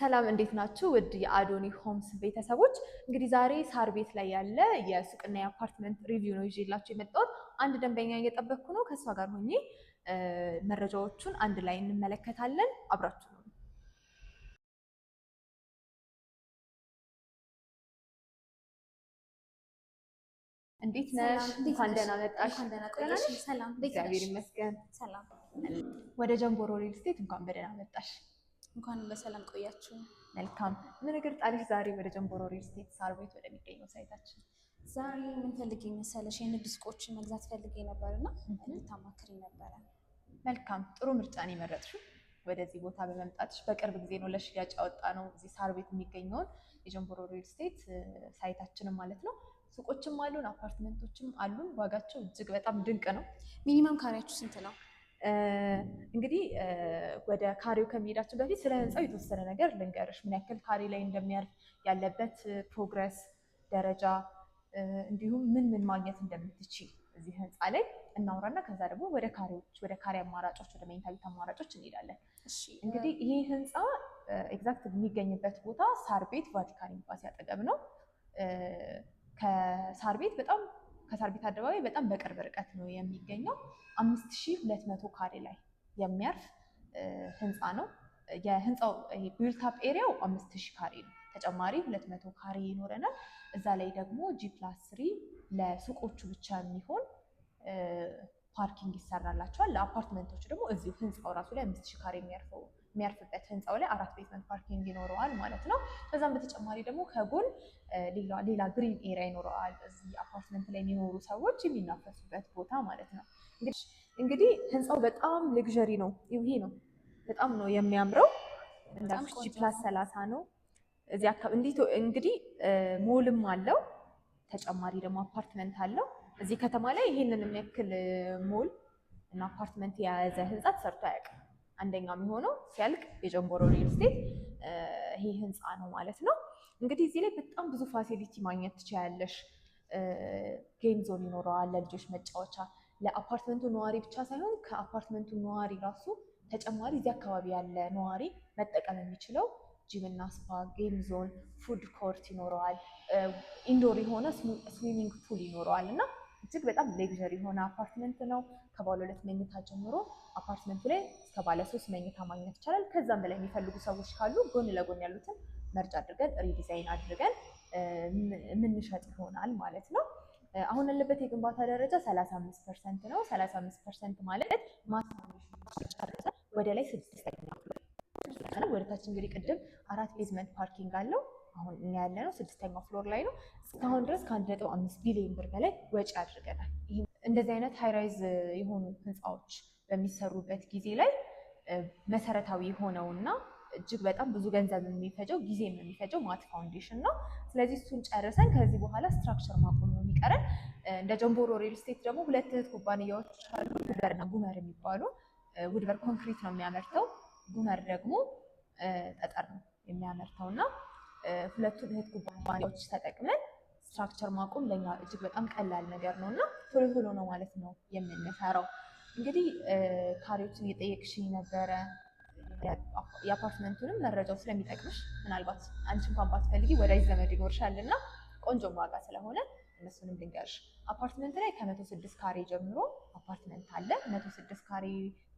ሰላም እንዴት ናችሁ? ውድ የአዶኒ ሆምስ ቤተሰቦች፣ እንግዲህ ዛሬ ሳር ቤት ላይ ያለ የሱቅና የአፓርትመንት ሪቪው ነው ይዤላችሁ የመጣሁት። አንድ ደንበኛ እየጠበቅኩ ነው። ከእሷ ጋር ሆኜ መረጃዎቹን አንድ ላይ እንመለከታለን። አብራችሁ ነው። እንዴት ነሽ? እንኳን ደህና መጣሽ። እግዚአብሔር ይመስገን። ወደ ጀንቦሮ ሪል ስቴት እንኳን በደህና መጣሽ። እንኳን በሰላም ቆያችሁ። መልካም ምን እግር ጣልሽ ዛሬ ወደ ጀንቦሮ ሪል ስቴት ሳር ቤት ወደሚገኘው ሳይታችን? ዛሬ ምን ፈልጌ መሰለሽ የንግድ ሱቆችን መግዛት ፈልጌ እና ልታማክሪ ነበረ። መልካም ጥሩ ምርጫን የመረጥሽው። ወደዚህ ቦታ በመምጣትሽ በቅርብ ጊዜ ነው ለሽያጭ ያወጣ ነው እዚህ ሳር ቤት የሚገኘውን የጀንቦሮ ሪል ስቴት ሳይታችንም ማለት ነው። ሱቆችም አሉን፣ አፓርትመንቶችም አሉን። ዋጋቸው እጅግ በጣም ድንቅ ነው። ሚኒማም ካሪያችሁ ስንት ነው? እንግዲህ ወደ ካሬው ከሚሄዳቸው በፊት ስለ ህንፃው የተወሰነ ነገር ልንገርሽ። ምን ያክል ካሬ ላይ እንደሚያልፍ ያለበት ፕሮግረስ ደረጃ፣ እንዲሁም ምን ምን ማግኘት እንደምትችል እዚህ ህንፃ ላይ እናውራና ከዛ ደግሞ ወደ ካሬዎች ወደ ካሬ አማራጮች ወደ መኝታ ቤት አማራጮች እንሄዳለን። እንግዲህ ይህ ህንፃ ኤግዛክት የሚገኝበት ቦታ ሳር ቤት ቫቲካን ኤምባሲ አጠገብ ነው። ከሳር ቤት በጣም ከሳር ቤት አደባባይ በጣም በቅርብ ርቀት ነው የሚገኘው። አምስት ሺህ ሁለት መቶ ካሬ ላይ የሚያርፍ ህንፃ ነው። የህንፃው ቢልታፕ ኤሪያው አምስት ሺህ ካሬ ነው። ተጨማሪ ሁለት መቶ ካሬ ይኖረናል። እዛ ላይ ደግሞ ጂ ፕላስ ስሪ ለሱቆቹ ብቻ የሚሆን ፓርኪንግ ይሰራላቸዋል። ለአፓርትመንቶች ደግሞ እዚሁ ህንፃው ራሱ ላይ አምስት ሺህ ካሬ የሚያርፈው የሚያርፍበት ህንፃው ላይ አራት ቤዝመንት ፓርኪንግ ይኖረዋል ማለት ነው። ከዛም በተጨማሪ ደግሞ ከጎን ሌላ ግሪን ኤሪያ ይኖረዋል። እዚህ አፓርትመንት ላይ የሚኖሩ ሰዎች የሚናፈሱበት ቦታ ማለት ነው። እንግዲህ ህንፃው በጣም ልግዠሪ ነው። ይሄ ነው በጣም ነው የሚያምረው። ጂ ፕላስ ሰላሳ ነው። እዚህ አካባቢ እንግዲህ ሞልም አለው ተጨማሪ ደግሞ አፓርትመንት አለው። እዚህ ከተማ ላይ ይህንን የሚያክል ሞል እና አፓርትመንት የያዘ ህንፃ ተሰርቶ አያውቅም። አንደኛ የሚሆነው ሲያልቅ የጀንቦሮ ሪል ስቴት ይሄ ህንፃ ነው ማለት ነው። እንግዲህ እዚህ ላይ በጣም ብዙ ፋሲሊቲ ማግኘት ትችያለሽ። ጌም ዞን ይኖረዋል፣ ለልጆች መጫወቻ፣ ለአፓርትመንቱ ነዋሪ ብቻ ሳይሆን ከአፓርትመንቱ ነዋሪ ራሱ ተጨማሪ እዚህ አካባቢ ያለ ነዋሪ መጠቀም የሚችለው ጂምና ስፓ፣ ጌም ዞን፣ ፉድ ኮርት ይኖረዋል። ኢንዶር የሆነ ስዊሚንግ ፑል ይኖረዋል እና እጅግ በጣም ሌግዠሪ የሆነ አፓርትመንት ነው። ከባለ ሁለት መኝታ ጀምሮ አፓርትመንቱ ላይ እስከ ባለ ሶስት መኝታ ማግኘት ይቻላል። ከዛም በላይ የሚፈልጉ ሰዎች ካሉ ጎን ለጎን ያሉትን መርጫ አድርገን ሪዲዛይን አድርገን የምንሸጥ ይሆናል ማለት ነው። አሁን ያለበት የግንባታ ደረጃ 35 ፐርሰንት ነው። 35 ፐርሰንት ማለት ወደ ላይ ስድስተኛ ታች እንግዲህ ቅድም አራት ቤዝመንት ፓርኪንግ አለው አሁን እኛ ያለ ነው ስድስተኛው ፍሎር ላይ ነው። እስካሁን ድረስ ከአንድ ነጥብ አምስት ቢሊዮን ብር በላይ ወጪ አድርገናል። እንደዚህ አይነት ሃይራይዝ የሆኑ ህንፃዎች በሚሰሩበት ጊዜ ላይ መሰረታዊ የሆነውና እጅግ በጣም ብዙ ገንዘብ የሚፈጀው ጊዜም የሚፈጀው ማት ፋውንዴሽን ነው። ስለዚህ እሱን ጨርሰን ከዚህ በኋላ ስትራክቸር ማቆም ነው የሚቀረን። እንደ ጀንቦሮ ሪል ስቴት ደግሞ ሁለት እህት ኩባንያዎች አሉ፣ ውድበርና ጉመር የሚባሉ ውድበር ኮንክሪት ነው የሚያመርተው፣ ጉመር ደግሞ ጠጠር ነው የሚያመርተው እና ሁለቱን እህት ኩባንያዎች ተጠቅመን ስትራክቸር ማቆም ለኛ እጅግ በጣም ቀላል ነገር ነው እና ቶሎ ቶሎ ነው ማለት ነው የምንሰራው። እንግዲህ ካሬዎችን እየጠየቅሽኝ ነበረ። የአፓርትመንቱንም መረጃው ስለሚጠቅምሽ ምናልባት አንቺ እንኳን ባትፈልጊ ወዳጅ ዘመድ ይኖርሻል እና ቆንጆ ዋጋ ስለሆነ እነሱንም ድንገርሽ አፓርትመንት ላይ ከመቶ ስድስት ካሬ ጀምሮ አፓርትመንት አለ። መቶ ስድስት ካሬ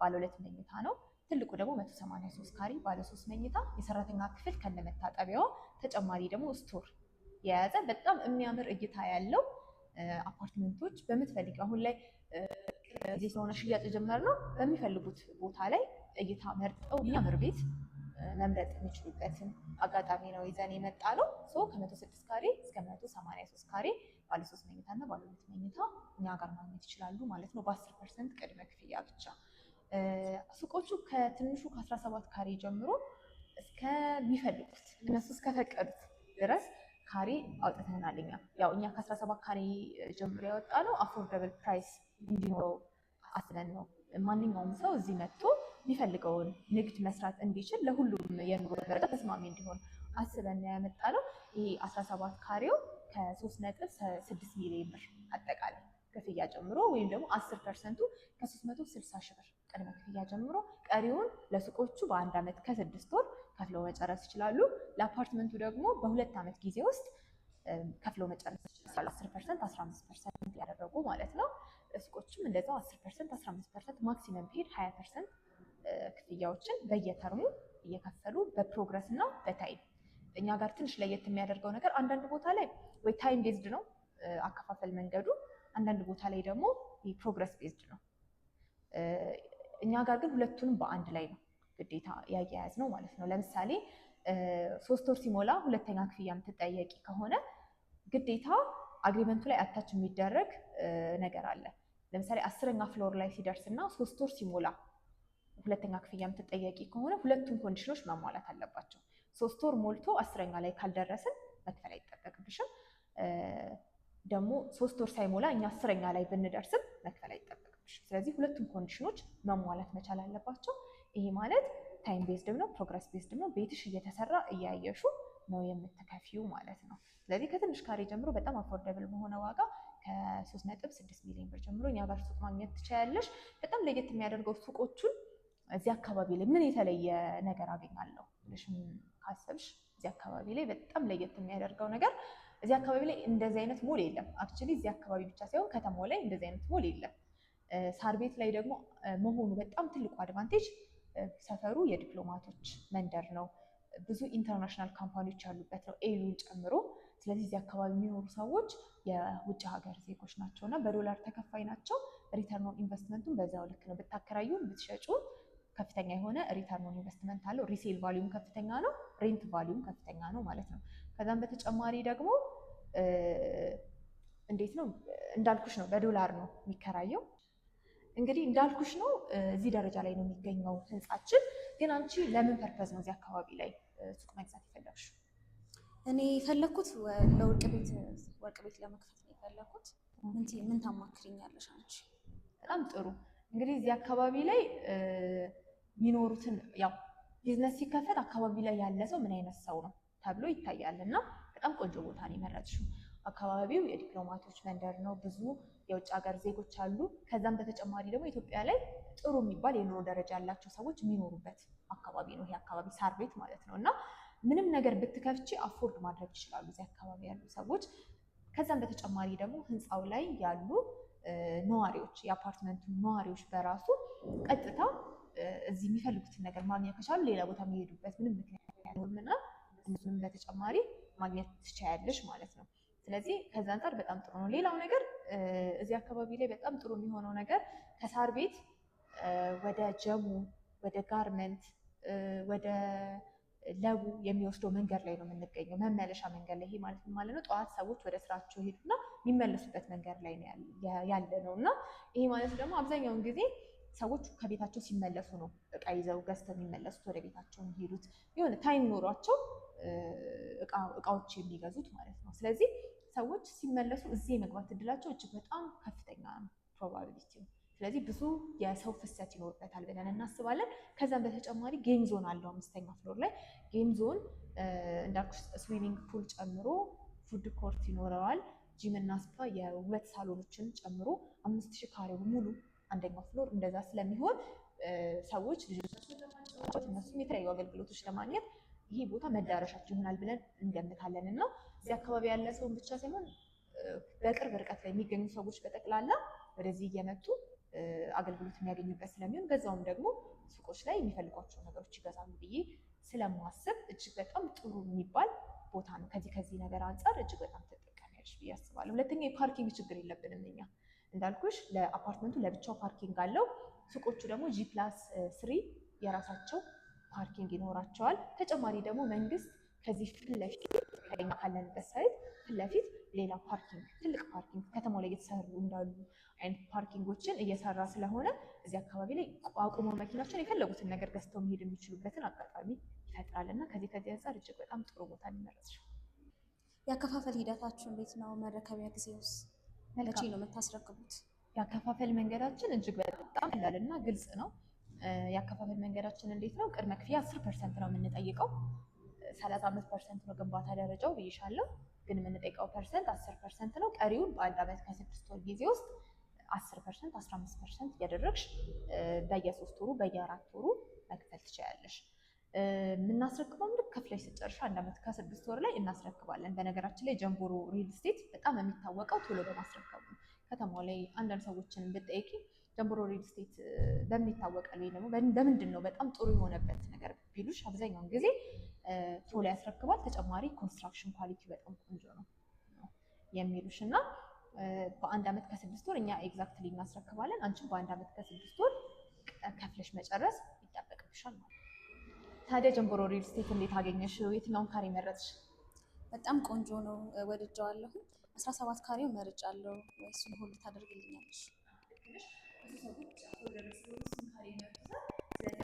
ባለ ሁለት መኝታ ነው። ትልቁ ደግሞ መቶ ሰማንያ ሶስት ካሬ ባለ ሶስት መኝታ የሰራተኛ ክፍል ከነመታጠቢያው ተጨማሪ ደግሞ ስቶር የያዘ በጣም የሚያምር እይታ ያለው አፓርትመንቶች በምትፈልግ አሁን ላይ ጊዜ ስለሆነ ሽያጭ ጀመር ነው በሚፈልጉት ቦታ ላይ እይታ መርጠው የሚያምር ቤት መምረጥ የሚችሉበትን አጋጣሚ ነው ይዘን የመጣ ነው። ከመቶ ስድስት ካሬ እስከ መቶ ሰማንያ ሶስት ካሬ ባለሶስት መኝታ እና ባለሁለት መኝታ እኛ ጋር ማግኘት ይችላሉ ማለት ነው በአስር ፐርሰንት ቅድመ ክፍያ ብቻ። ሱቆቹ ከትንሹ ከአስራ ሰባት ካሬ ጀምሮ እስከሚፈልጉት እነሱ እስከፈቀዱት ድረስ ካሬ አውጥተናል። እኛ ያው እኛ ከ17 ካሬ ጀምሮ ያወጣ ነው አፎርደብል ፕራይስ እንዲኖረው አስለን ነው። ማንኛውም ሰው እዚህ መጥቶ የሚፈልገውን ንግድ መስራት እንዲችል ለሁሉም የኑሮ ደረጃ ተስማሚ እንዲሆን አስበን ያመጣ ነው። ይህ 17 ካሬው ከ3 ነጥብ ስድስት ሚሊዮን ብር አጠቃላይ ክፍያ ጀምሮ ወይም ደግሞ አስር ፐርሰንቱ መቶ ስልሳ ሺህ ብር ቅድመ ክፍያ ጀምሮ ቀሪውን ለሱቆቹ በአንድ ዓመት ከስድስት ወር ከፍለው መጨረስ ይችላሉ። ለአፓርትመንቱ ደግሞ በሁለት ዓመት ጊዜ ውስጥ ከፍለው መጨረስ ይችላሉ። 10 ፐርሰንት፣ 15 ፐርሰንት ያደረጉ ማለት ነው። ሱቆችም እንደዛው 10 ፐርሰንት፣ 15 ፐርሰንት ማክሲመም ቢሄድ 20 ፐርሰንት ክፍያዎችን በየተርሙ እየከፈሉ በፕሮግረስ እና በታይም እኛ ጋር ትንሽ ለየት የሚያደርገው ነገር አንዳንድ ቦታ ላይ ወይ ታይም ቤዝድ ነው አከፋፈል መንገዱ፣ አንዳንድ ቦታ ላይ ደግሞ ፕሮግረስ ቤዝድ ነው። እኛ ጋር ግን ሁለቱንም በአንድ ላይ ነው ግዴታ ያያያዝ ነው ማለት ነው። ለምሳሌ ሶስት ወር ሲሞላ ሁለተኛ ክፍያ የምትጠየቂ ከሆነ ግዴታ አግሪመንቱ ላይ አታች የሚደረግ ነገር አለ። ለምሳሌ አስረኛ ፍሎር ላይ ሲደርስ እና ሶስት ወር ሲሞላ ሁለተኛ ክፍያ የምትጠየቂ ከሆነ ሁለቱም ኮንዲሽኖች መሟላት አለባቸው። ሶስት ወር ሞልቶ አስረኛ ላይ ካልደረስን መክፈል አይጠበቅብሽም። ደግሞ ሶስት ወር ሳይሞላ እኛ አስረኛ ላይ ብንደርስም መክፈል አይጠበቅብሽም። ስለዚህ ሁለቱም ኮንዲሽኖች መሟላት መቻል አለባቸው። ይሄ ማለት ታይም ቤዝድም ነው፣ ፕሮግረስ ቤዝድም ነው። ቤትሽ እየተሰራ እያየሹ ነው የምትከፊው ማለት ነው። ስለዚህ ከትንሽ ካሬ ጀምሮ በጣም አፎርደብል በሆነ ዋጋ ከ3.6 ሚሊዮን ብር ጀምሮ እኛ ጋር ሱቅ ማግኘት ትችያለሽ። በጣም ለየት የሚያደርገው ሱቆቹን እዚህ አካባቢ ላይ ምን የተለየ ነገር አገኛለሁ ብለሽ ካሰብሽ እዚህ አካባቢ ላይ በጣም ለየት የሚያደርገው ነገር እዚህ አካባቢ ላይ እንደዚህ አይነት ሞል የለም። አክቹዋሊ እዚህ አካባቢ ብቻ ሳይሆን ከተማው ላይ እንደዚህ አይነት ሞል የለም። ሳር ቤት ላይ ደግሞ መሆኑ በጣም ትልቁ አድቫንቴጅ ሰፈሩ የዲፕሎማቶች መንደር ነው። ብዙ ኢንተርናሽናል ካምፓኒዎች ያሉበት ነው ኤሉን ጨምሮ። ስለዚህ እዚህ አካባቢ የሚኖሩ ሰዎች የውጭ ሀገር ዜጎች ናቸው እና በዶላር ተከፋይ ናቸው። ሪተርን ኦን ኢንቨስትመንቱን በዛው ልክ ነው። ብታከራዩን ብትሸጩ ከፍተኛ የሆነ ሪተርን ኢንቨስትመንት አለው። ሪሴል ቫሊዩም ከፍተኛ ነው፣ ሬንት ቫሊዩም ከፍተኛ ነው ማለት ነው። ከዛም በተጨማሪ ደግሞ እንዴት ነው እንዳልኩሽ ነው፣ በዶላር ነው የሚከራየው። እንግዲህ እንዳልኩሽ ነው እዚህ ደረጃ ላይ ነው የሚገኘው ህንጻችን። ግን አንቺ ለምን ፐርፐዝ ነው እዚህ አካባቢ ላይ ሱቅ መግዛት የፈለግሽው? እኔ የፈለግኩት ለወርቅ ቤት ወርቅ ቤት ለመክፈት ነው የፈለግኩት። ምን ታማክሪኛለሽ አንቺ? በጣም ጥሩ እንግዲህ እዚህ አካባቢ ላይ የሚኖሩትን ያው ቢዝነስ ሲከፈት አካባቢ ላይ ያለ ሰው ምን አይነት ሰው ነው ተብሎ ይታያል እና በጣም ቆንጆ ቦታ ነው የመረጥሽው። አካባቢው የዲፕሎማቶች መንደር ነው። ብዙ የውጭ ሀገር ዜጎች አሉ። ከዛም በተጨማሪ ደግሞ ኢትዮጵያ ላይ ጥሩ የሚባል የኑሮ ደረጃ ያላቸው ሰዎች የሚኖሩበት አካባቢ ነው። ይሄ አካባቢ ሳር ቤት ማለት ነው እና ምንም ነገር ብትከፍቺ አፎርድ ማድረግ ይችላሉ እዚህ አካባቢ ያሉ ሰዎች። ከዛም በተጨማሪ ደግሞ ህንፃው ላይ ያሉ ነዋሪዎች፣ የአፓርትመንቱ ነዋሪዎች በራሱ ቀጥታ እዚህ የሚፈልጉትን ነገር ማግኘት ከቻሉ ሌላ ቦታ የሚሄዱበት ምንም ምክንያት አይኖርምና እሱንም በተጨማሪ ማግኘት ትችያለሽ ማለት ነው። ስለዚህ ከዚ አንጻር በጣም ጥሩ ነው። ሌላው ነገር እዚህ አካባቢ ላይ በጣም ጥሩ የሚሆነው ነገር ከሳር ቤት ወደ ጀሙ፣ ወደ ጋርመንት፣ ወደ ለቡ የሚወስደው መንገድ ላይ ነው የምንገኘው። መመለሻ መንገድ ላይ ይሄ ማለት ማለት ነው። ጠዋት ሰዎች ወደ ስራቸው ይሄዱና የሚመለሱበት መንገድ ላይ ያለ ነው እና ይሄ ማለት ደግሞ አብዛኛውን ጊዜ ሰዎች ከቤታቸው ሲመለሱ ነው እቃ ይዘው ገዝተው የሚመለሱት ወደ ቤታቸው የሚሄዱት የሆነ ታይም ኖሯቸው እቃዎች የሚገዙት ማለት ነው። ስለዚህ ሰዎች ሲመለሱ እዚህ የመግባት እድላቸው እጅግ በጣም ከፍተኛ ነው ፕሮባቢሊቲ። ስለዚህ ብዙ የሰው ፍሰት ይኖርበታል ብለን እናስባለን። ከዛም በተጨማሪ ጌም ዞን አለው አምስተኛ ፍሎር ላይ ጌም ዞን እንዳልኩሽ ስዊሚንግ ፑል ጨምሮ ፉድ ኮርት ይኖረዋል። ጂም እና ስፓ የውበት ሳሎኖችን ጨምሮ አምስት ሺህ ካሬው ሙሉ አንደኛው ፍሎር እንደዛ ስለሚሆን ሰዎች ልጆቻቸውን ለማጫወት እነሱም የተለያዩ አገልግሎቶች ለማግኘት ይሄ ቦታ መዳረሻችን ይሆናል ብለን እንደምታለን ነው። እዚህ አካባቢ ያለ ሰውን ብቻ ሳይሆን በቅርብ ርቀት ላይ የሚገኙ ሰዎች በጠቅላላ ወደዚህ እየመጡ አገልግሎት የሚያገኙበት ስለሚሆን በዛውም ደግሞ ሱቆች ላይ የሚፈልጓቸው ነገሮች ይገዛሉ ብዬ ስለማስብ እጅግ በጣም ጥሩ የሚባል ቦታ ነው። ከዚህ ከዚህ ነገር አንጻር እጅግ በጣም ተጠቃሚያች ብዬ አስባለሁ። ሁለተኛ የፓርኪንግ ችግር የለብንም እኛ እንዳልኩሽ ለአፓርትመንቱ ለብቻው ፓርኪንግ አለው። ሱቆቹ ደግሞ ጂ ፕላስ ስሪ የራሳቸው ፓርኪንግ ይኖራቸዋል። ተጨማሪ ደግሞ መንግስት ከዚህ ፊት ለፊት ከኛ ካለንበት ሳይት ፊት ለፊት ሌላ ፓርኪንግ ትልቅ ፓርኪንግ ከተማው ላይ እየተሰሩ እንዳሉ አይነት ፓርኪንጎችን እየሰራ ስለሆነ እዚህ አካባቢ ላይ አቁሞ መኪናቸውን የፈለጉትን ነገር ገዝተው መሄድ የሚችሉበትን አጋጣሚ ይፈጥራል እና ከዚህ ከዚህ አንጻር እጅግ በጣም ጥሩ ቦታ ሊመረጥ የአከፋፈል ሂደታችሁ እንዴት ነው? መረከቢያ ውስጥ መቼ ነው የምታስረክቡት? የአከፋፈል መንገዳችን እጅግ በጣም እና ግልጽ ነው። የአከፋፈል መንገዳችን እንዴት ነው? ቅድመ ክፍያ አስር ፐርሰንት ነው የምንጠይቀው። ሰላሳ አምስት ፐርሰንት ነው ግንባታ ደረጃው ብይሻለሁ፣ ግን የምንጠይቀው ፐርሰንት አስር ፐርሰንት ነው። ቀሪውን በአንድ ዓመት ከስድስት ወር ጊዜ ውስጥ አስር ፐርሰንት አስራ አምስት ፐርሰንት እያደረግሽ በየሶስት ወሩ በየአራት ወሩ መክፈል ትችላለሽ። የምናስረክበው ልክ ከፍለሽ ስጨርሽ አንድ ዓመት ከስድስት ወር ላይ እናስረክባለን። በነገራችን ላይ ጀንቦሮ ሪል ስቴት በጣም የሚታወቀው ቶሎ በማስረከቡ ከተማው ላይ አንዳንድ ሰዎችን ብጠይቂ ጀምቦሮ ሪል ስቴት በምን ይታወቃል? ወይ ደግሞ በምንድን ነው በጣም ጥሩ የሆነበት ነገር ቢሉሽ፣ አብዛኛውን ጊዜ ቶሎ ያስረክባል፣ ተጨማሪ ኮንስትራክሽን ኳሊቲ በጣም ቆንጆ ነው የሚሉሽ እና በአንድ ዓመት ከስድስት ወር እኛ ኤግዛክትሊ እናስረክባለን። አንቺም በአንድ ዓመት ከስድስት ወር ከፍለሽ መጨረስ ይጠበቅብሻል ማለት ነው። ታዲያ ጀምቦሮ ሪል ስቴት እንዴት አገኘሽ? የትኛውን ካሬ መረጥሽ? በጣም ቆንጆ ነው ወድጀዋለሁ። አስራ ሰባት ካሬው መርጫለሁ። እሱን ሁሉ ታደርግልኛለሽ? የሚያመርቱ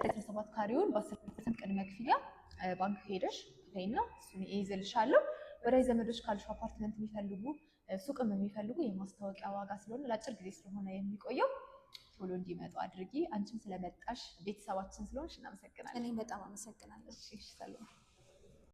ሰዎች ሰባት ካሬውን በአስር ፐርሰንት ቅድመ ክፍያ ባንክ ሄደሽ ክፈይና እሱን ይይዝልሻለሁ። ወዳጅ ዘመዶች ካሉሽ አፓርትመንት የሚፈልጉ ሱቅም የሚፈልጉ የማስታወቂያ ዋጋ ስለሆነ ለአጭር ጊዜ ስለሆነ የሚቆየው ቶሎ እንዲመጡ አድርጊ። አንቺም ስለመጣሽ ቤተሰባችን ስለሆንሽ እናመሰግናለን። እኔ በጣም አመሰግናለሁ።